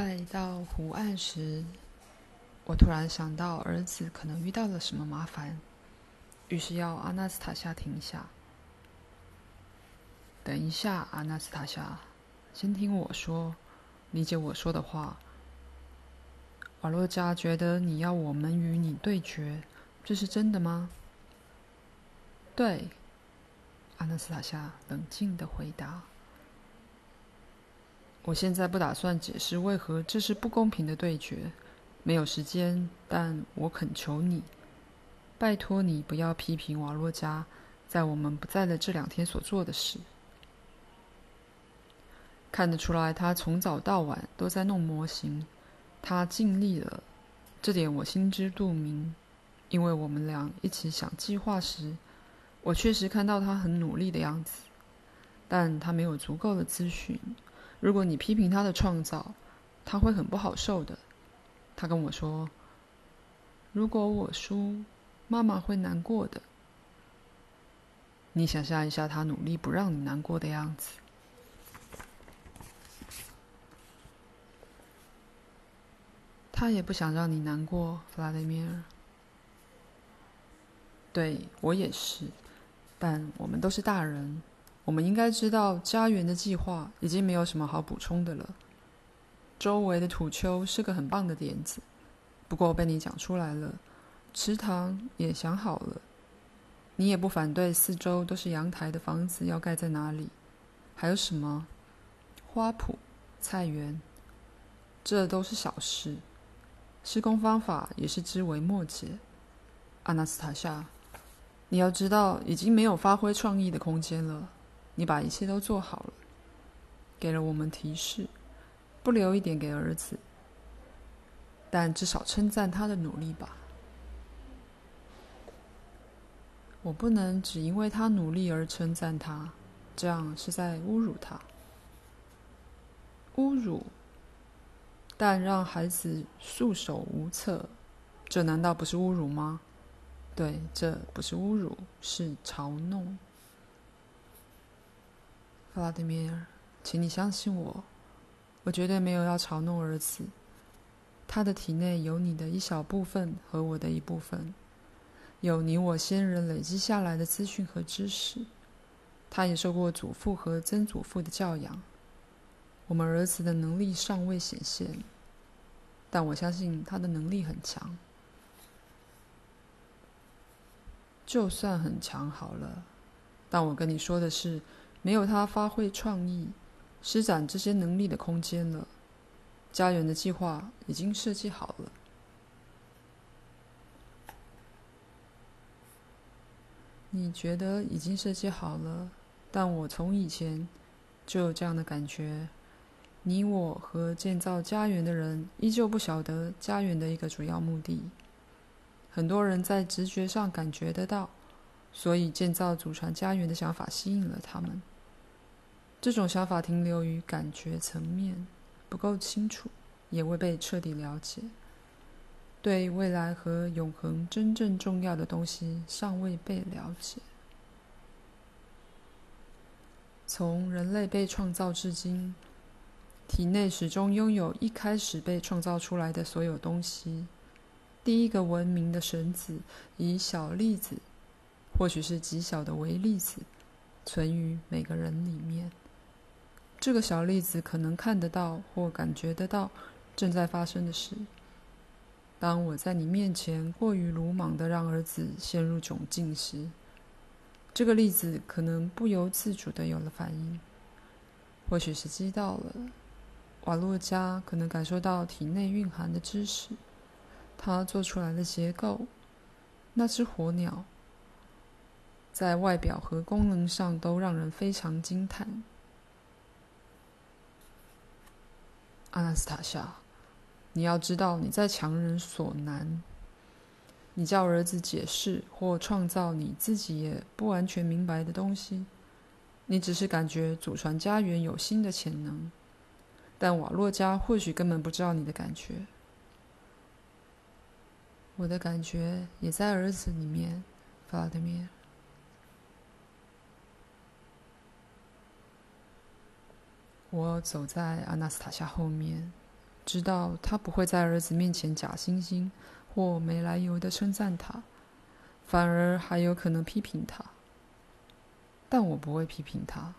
快到湖岸時，我突然想到兒子可能遇到了什麼麻煩，於是要阿納斯塔夏停下。等一下，阿納斯塔夏，先聽我說，理解我說的話。瓦洛佳覺得你要我們與你對決，這是真的嗎？對，阿納斯塔夏冷靜地回答。我現在不打算解釋為何這是不公平的對決，沒有時間。但我懇求你，拜托你不要批評瓦洛加在我們不在的這兩天所做的事。看得出來，他從早到晚都在弄模型，他盡力了，這點我心知肚明，因為我們倆一起想計劃時，我確實看到他很努力的樣子，但他沒有足夠的資訊。如果你批評他的創造，他會很不好受的。他跟我說：“如果我輸，媽媽會難過的。”你想象一下他努力不讓你難過的樣子。他也不想讓你難過，弗拉迪米爾。對，我也是，但我們都是大人。我們應該知道家園的計劃已經沒有什麼好補充的了。周圍的土丘是個很棒的點子，不過被你講出來了。池塘也想好了，你也不反對。四周都是陽台的房子要蓋在哪裡？還有什麼花圃、菜園？這都是小事。施工方法也是枝微末節。阿納斯塔夏，你要知道，已經沒有發揮創意的空間了。你把一切都做好了，給了我們提示，不留一點給兒子。但至少稱讚他的努力吧。我不能只因為他努力而稱讚他，這樣是在侮辱他。侮辱？但讓孩子束手無策，這難道不是侮辱嗎？對，這不是侮辱，是嘲弄。弗拉德米爾，請你相信我，我絕對沒有要嘲弄兒子。他的體內有你的一小部分和我的一部分，有你我先人累積下來的資訊和知識。他也受過祖父和曾祖父的教養。我們兒子的能力尚未顯現，但我相信他的能力很強。就算很強好了，但我跟你說的是。沒有他發揮創意，施展這些能力的空間了。家園的計劃已經設計好了。你覺得已經設計好了，但我從以前就有這樣的感覺。你我和建造家園的人依舊不曉得家園的一個主要目的。很多人在直覺上感覺得到，所以建造祖傳家園的想法吸引了他們。這種想法停留於感覺層面，不夠清楚，也未被徹底了解。對未來和永恆真正重要的東西，尚未被了解。從人類被創造至今，體內始終擁有一開始被創造出來的所有東西。第一個文明的神子，以小粒子，或許是極小的微粒子，存於每個人裡面。這個小例子可能看得到或感覺得到正在發生的事。當我在你面前過於魯莽地讓兒子陷入窘境時，這個例子可能不由自主地有了反應。或許是知道了，瓦洛加可能感受到體內蘊含的知識，他做出來的結構，那隻火鳥，在外表和功能上都讓人非常驚嘆。阿納斯塔夏，asia, 你要知道，你在強人所難。你叫兒子解釋或創造你自己也不完全明白的東西，你只是感覺祖傳家園有新的潛能，但瓦洛家或許根本不知道你的感覺。我的感覺也在兒子裡面，弗拉德面。我走在阿納斯塔夏後面，知道他不會在兒子面前假惺惺或沒來由的稱讚他，反而還有可能批評他。但我不會批評他，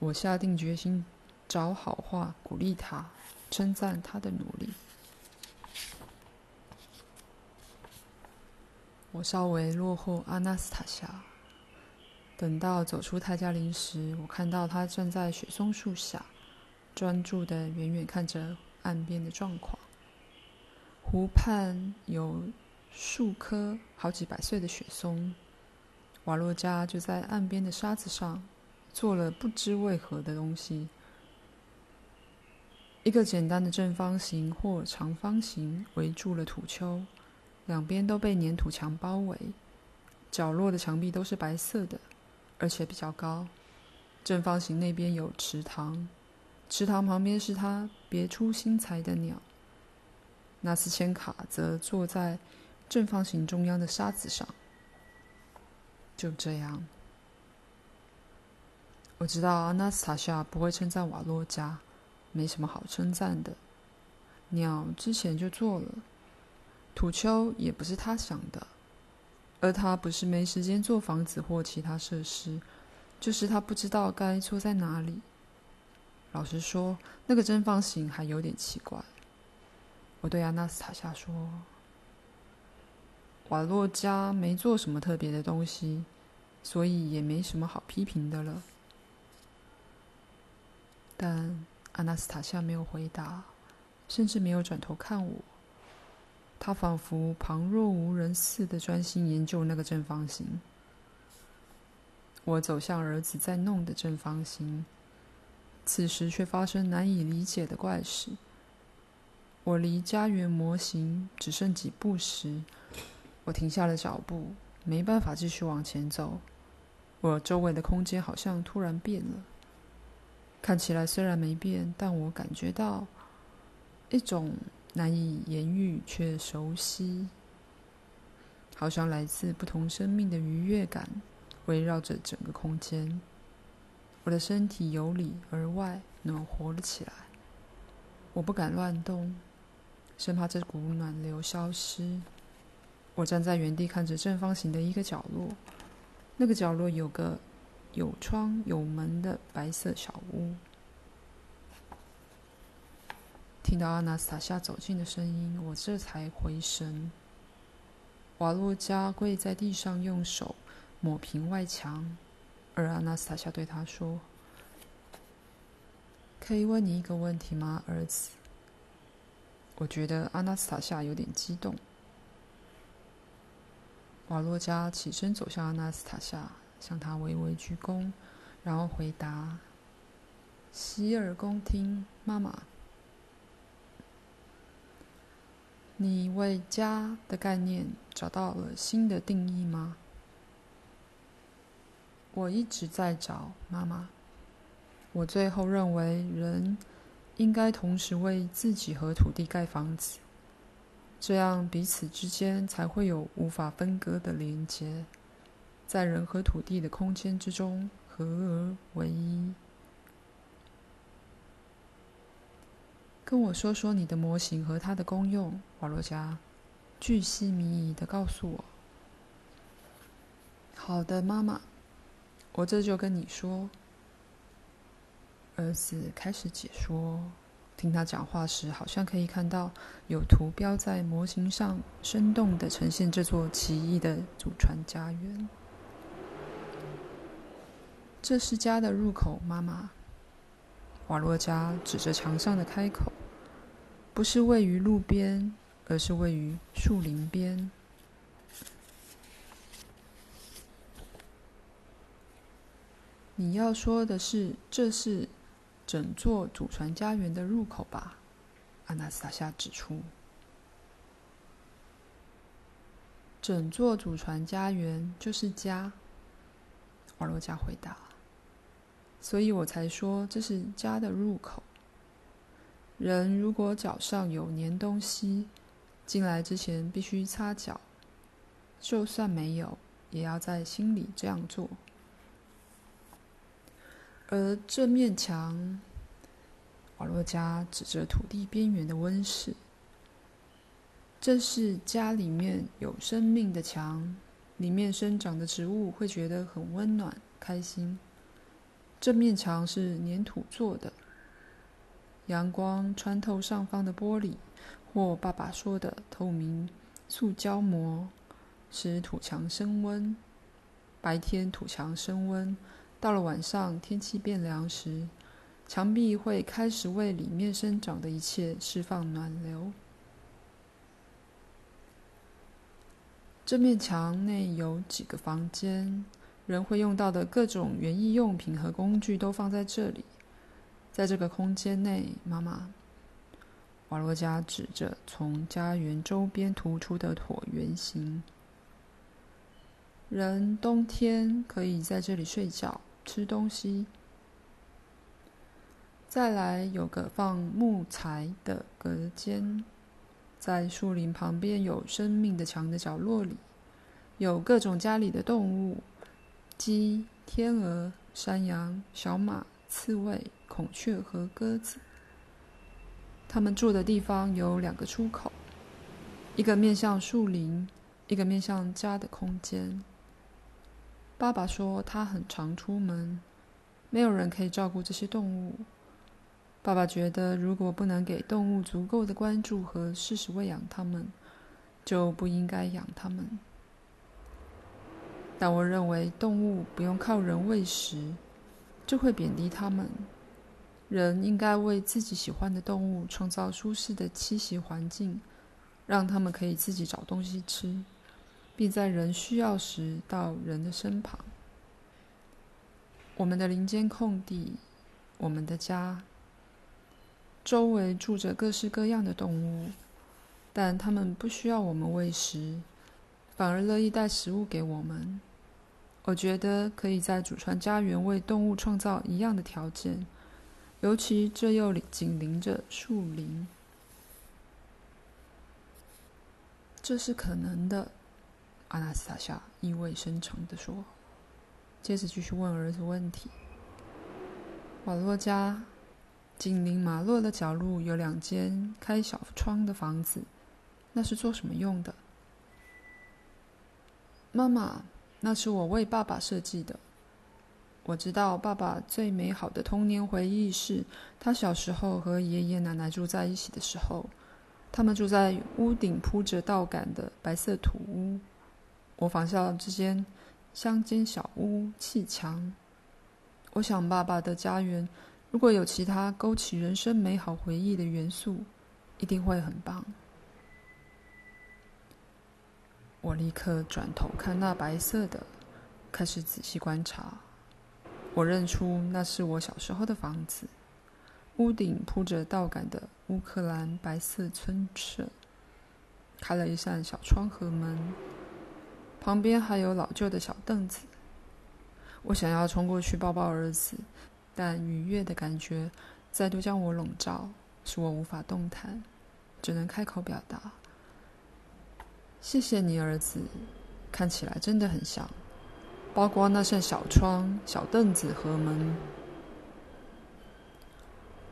我下定決心找好話鼓勵他，稱讚他的努力。我稍微落後阿納斯塔夏。等到走出泰加林時，我看到他站在雪松樹下，專注的遠遠看着岸邊的狀況。湖畔有數棵好幾百歲的雪松，瓦洛加就在岸邊的沙子上做了不知為何的東西，一個簡單的正方形或長方形圍住了土丘，兩邊都被粘土牆包圍，角落的牆壁都是白色的。而且比較高，正方形那邊有池塘，池塘旁邊是他別出心裁的鳥。納斯千卡則坐在正方形中央的沙子上。就這樣，我知道阿納斯塔夏不會稱讚瓦洛加，沒什麼好稱讚的。鳥之前就做了，土丘也不是他想的。而他不是沒時間做房子或其他設施，就是他不知道該住在哪裡。老實說，那個正方形還有點奇怪。我對阿納斯塔夏說：“瓦洛加沒做什麼特別的東西，所以也沒什麼好批評的了。”但阿納斯塔夏沒有回答，甚至沒有轉頭看我。他仿佛旁若無人似的專心研究那個正方形。我走向兒子在弄的正方形，此時卻發生難以理解的怪事。我離家園模型只剩幾步時，我停下了腳步，沒辦法繼續往前走。我周圍的空間好像突然變了。看起來雖然沒變，但我感覺到一種，難以言喻卻熟悉，好像來自不同生命的愉悅感，圍繞着整個空間。我的身體由裡而外暖和了起來，我不敢亂動，生怕這股暖流消失。我站在原地，看着正方形的一個角落，那個角落有個有窗有門的白色小屋。聽到阿納斯塔夏走近的聲音，我這才回神。瓦洛加跪在地上，用手抹平外牆，而阿納斯塔夏對他說：“可以問你一個問題嗎，兒子？”我覺得阿納斯塔夏有點激動。瓦洛加起身走向阿納斯塔夏，向他微微鞠躬，然後回答：“洗耳恭聽，媽媽。”你為家的概念找到了新的定義嗎？我一直在找媽媽。我最後認為，人應該同時為自己和土地蓋房子，這樣彼此之間才會有無法分割的連接，在人和土地的空間之中合而為一。跟我說說你的模型和它的功用，瓦洛加，巨細靡遺的告訴我。好的，媽媽，我這就跟你說。兒子開始解說，聽他講話時，好像可以看到有圖標在模型上生動的呈現這座奇異的祖傳家園。這是家的入口，媽媽。瓦洛加指着牆上的開口。不是位於路邊，而是位於樹林邊。你要說的是，這是整座祖傳家園的入口吧？阿納斯塔夏指出：“整座祖傳家園就是家。”瓦洛佳回答：“所以我才說這是家的入口。”人如果腳上有粘東西，進來之前必須擦腳；就算沒有，也要在心裡這樣做。而這面牆，瓦洛加指着土地邊緣的溫室。這是家裡面有生命的牆，裡面生長的植物會覺得很溫暖、開心。這面牆是粘土做的。陽光穿透上方的玻璃，或爸爸說的透明塑膠膜，使土牆升溫。白天土牆升溫，到了晚上天氣變涼時，牆壁會開始為裡面生長的一切釋放暖流。這面牆內有幾個房間，人會用到的各種園藝用品和工具都放在這裡。在這個空間內，媽媽瓦洛加指着從家園周邊突出的橢圓形。人冬天可以在這裡睡覺、吃東西。再來有個放木材的隔間，在樹林旁邊有生命的牆的角落裡，有各種家裡的動物：雞、天鵝、山羊、小馬、刺蝟。孔雀和鴿子，他們住的地方有兩個出口，一個面向樹林，一個面向家的空間。爸爸說他很常出門，沒有人可以照顧這些動物。爸爸覺得，如果不能給動物足夠的關注和適時餵養它們，就不應該養它們。但我認為，動物不用靠人餵食，就會貶低他們。人應該為自己喜歡的動物創造舒適的棲息環境，讓它們可以自己找東西吃，並在人需要時到人的身旁。我們的林間空地，我們的家，周圍住着各式各樣的動物，但它們不需要我們餵食，反而樂意帶食物給我們。我覺得可以在祖傳家園為動物創造一樣的條件。尤其這又緊鄰着樹林，這是可能的。”阿納斯塔夏意味深長的說，接着繼續問兒子問題：“瓦洛家緊鄰馬路的角落有兩間開小窗的房子，那是做什麼用的？”“媽媽，那是我為爸爸設計的。”我知道爸爸最美好的童年回憶是他小時候和爺爺奶奶住在一起的時候，他們住在屋頂鋪着稻稈的白色土屋。我仿效這間鄉間小屋砌牆。我想爸爸的家園如果有其他勾起人生美好回憶的元素，一定會很棒。我立刻轉頭看那白色的，開始仔細觀察。我認出那是我小時候的房子，屋頂鋪着稻稈的烏克蘭白色村舍，開了一扇小窗和門，旁邊還有老舊的小凳子。我想要衝過去抱抱兒子，但愉悅的感覺再度將我籠罩，使我無法動彈，只能開口表達：“謝謝你，兒子，看起來真的很像。”包括那扇小窗、小凳子和門。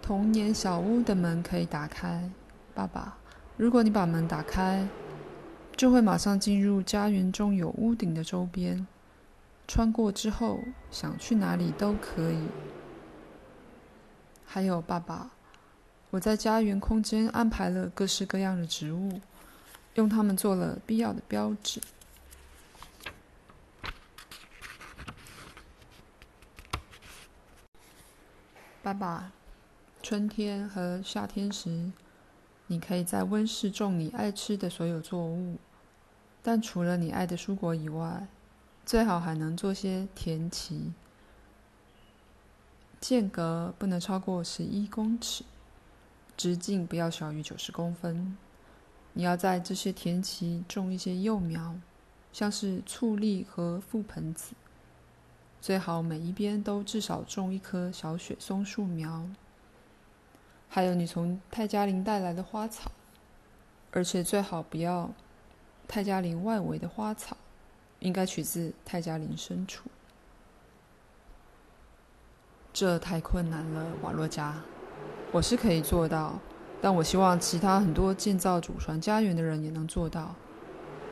童年小屋的門可以打開，爸爸。如果你把門打開，就會馬上進入家園中有屋頂的周邊。穿過之後，想去哪裡都可以。還有，爸爸，我在家園空間安排了各式各樣的植物，用它們做了必要的標誌。爸爸，春天和夏天時，你可以在溫室種你愛吃的所有作物，但除了你愛的蔬果以外，最好還能做些田畦。間隔不能超過十一公尺，直徑不要小於九十公分。你要在這些田畦種一些幼苗，像是醋栗和覆盆子。最好每一邊都至少種一棵小雪松樹苗，還有你從泰加林帶來的花草，而且最好不要泰加林外圍的花草，應該取自泰加林深處。這太困難了，瓦洛佳，我是可以做到，但我希望其他很多建造祖傳家園的人也能做到。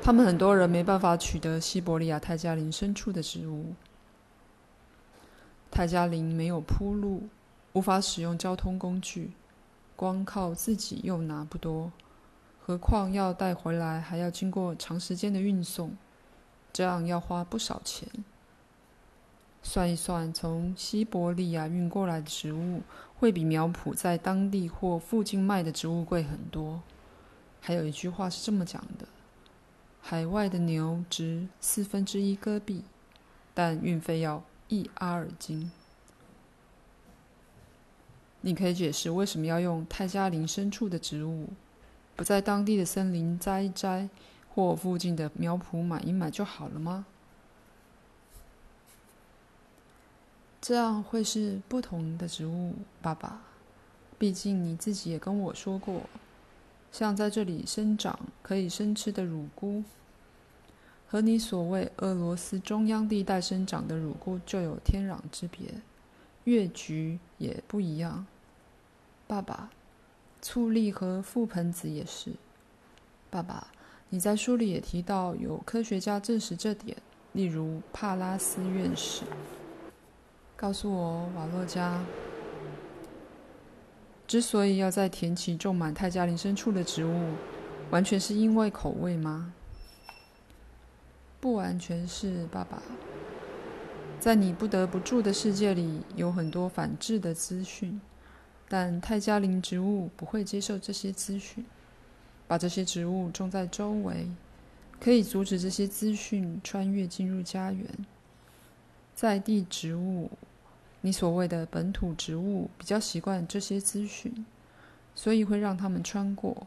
他們很多人沒辦法取得西伯利亞泰加林深處的植物。泰加林沒有鋪路，無法使用交通工具，光靠自己又拿不多，何況要帶回來還要經過長時間的運送，這樣要花不少錢。算一算，從西伯利亞運過來的植物會比苗圃在當地或附近賣的植物貴很多。還有一句話是這麼講的：“海外的牛值四分之一戈比，但運費要。”一阿爾金，你可以解釋為什麼要用泰加林深處的植物，不在當地的森林摘一摘，或附近的苗圃買一買就好了嗎？這樣會是不同的植物，爸爸。畢竟你自己也跟我說過，像在這裡生長可以生吃的乳菇。和你所謂俄羅斯中央地帶生長的乳菇就有天壤之別，越橘也不一樣，爸爸，醋栗和覆盆子也是。爸爸，你在書裡也提到有科學家證實這點，例如帕拉斯院士。告訴我，瓦洛加，之所以要在田畦種滿泰加林深處的植物，完全是因為口味嗎？不完全是爸爸。在你不得不住的世界裡，有很多反制的資訊，但泰加林植物不會接受這些資訊。把這些植物種在周圍，可以阻止這些資訊穿越進入家園。在地植物，你所謂的本土植物，比較習慣這些資訊，所以會讓它們穿過。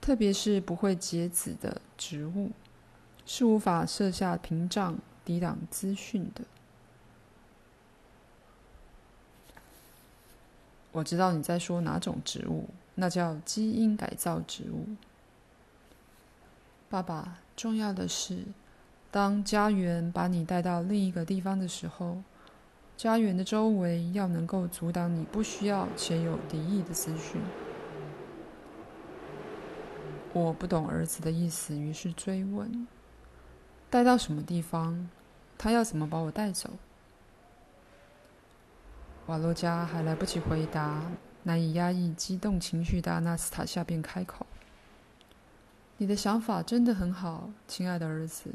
特別是不會結籽的植物。是無法設下屏障抵擋資訊的。我知道你在說哪種植物，那叫基因改造植物。爸爸，重要的是，當家園把你帶到另一個地方的時候，家園的周圍要能夠阻擋你不需要且有敵意的資訊。我不懂兒子的意思，於是追問。帶到什麼地方？他要怎麼把我帶走？瓦洛佳還來不及回答，難以壓抑激動情緒的阿納斯塔夏便開口：“你的想法真的很好，親愛的兒子。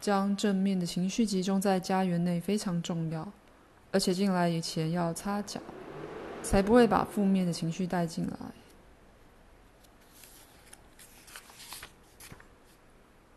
將正面的情緒集中在家園內非常重要，而且進來以前要擦腳，才不會把負面的情緒帶進來。”